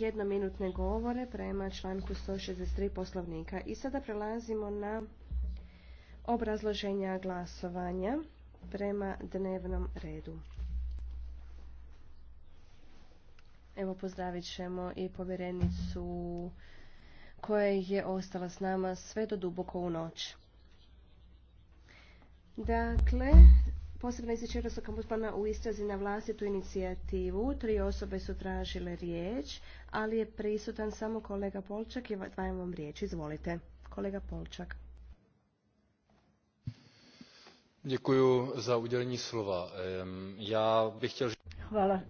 jednominutne govore prema članku 163 poslovnika. I sada prelazimo na obrazloženja glasovanja prema dnevnom redu. Evo pozdravit ćemo i povjerenicu koja je ostala s nama sve do duboko u noć. Dakle, Posebno izvješće su ombudsmana u istrazi na vlastitu inicijativu. Tri osobe su tražile riječ, ali je prisutan samo kolega Polčak i dajem vam riječ. Izvolite. Kolega Polčak. Děkuju za udělení slova. Já bych chtěl... Hvala.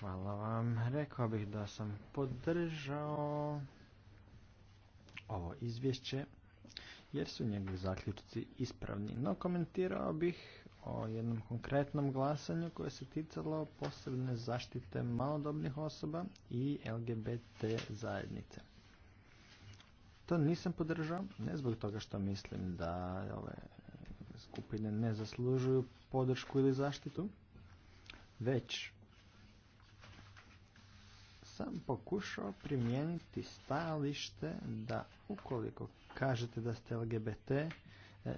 Hvala vam. Rekao bih da sam podržao ovo izvješće jer su njegovi zaključci ispravni. No komentirao bih o jednom konkretnom glasanju koje se ticalo posebne zaštite malodobnih osoba i LGBT zajednice. To nisam podržao, ne zbog toga što mislim da ove skupine ne zaslužuju podršku ili zaštitu, već sam pokušao primijeniti stajalište da ukoliko kažete da ste LGBT, e,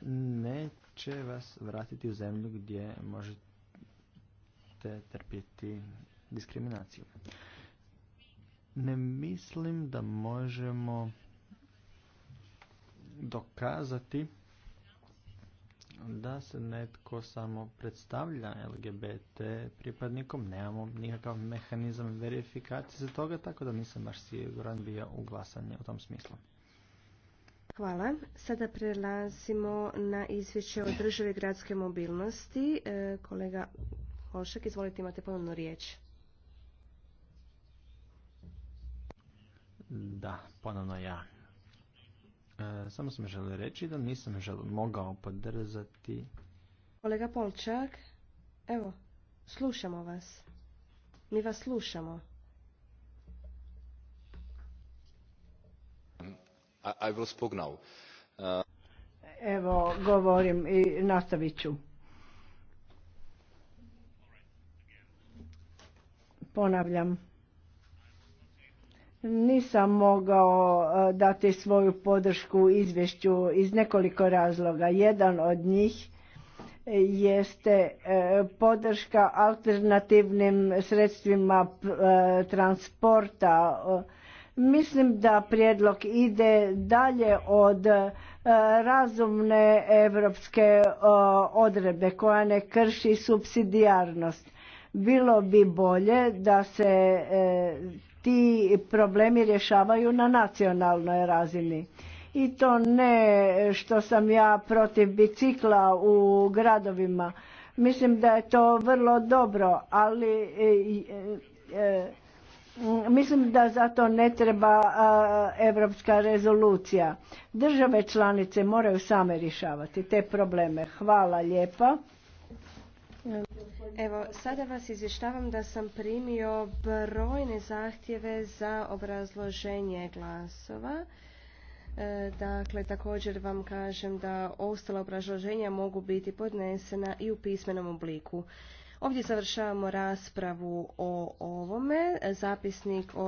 neće vas vratiti u zemlju gdje možete trpjeti diskriminaciju. Ne mislim da možemo dokazati da se netko samo predstavlja LGBT pripadnikom, nemamo nikakav mehanizam verifikacije za toga, tako da nisam baš siguran bio u glasanje u tom smislu. Hvala. Sada prelazimo na izvješće o državi gradske mobilnosti. E, kolega Hošek, izvolite, imate ponovno riječ. Da, ponovno ja. E, samo sam želio reći da nisam želio, mogao podrzati. Kolega Polčak, evo, slušamo vas. Mi vas slušamo. I, I will speak now. Uh, evo, govorim i nastavit ću. Ponavljam. Nisam mogao e, dati svoju podršku izvješću iz nekoliko razloga. Jedan od njih e, jeste e, podrška alternativnim sredstvima transporta. Mislim da prijedlog ide dalje od razumne evropske odrebe koja ne krši subsidijarnost. Bilo bi bolje da se ti problemi rješavaju na nacionalnoj razini. I to ne što sam ja protiv bicikla u gradovima. Mislim da je to vrlo dobro, ali e, e, e, mislim da zato ne treba europska rezolucija. Države članice moraju same rješavati te probleme. Hvala lijepa. Evo, sada vas izvještavam da sam primio brojne zahtjeve za obrazloženje glasova. E, dakle, također vam kažem da ostala obrazloženja mogu biti podnesena i u pismenom obliku. Ovdje završavamo raspravu o ovome. Zapisnik o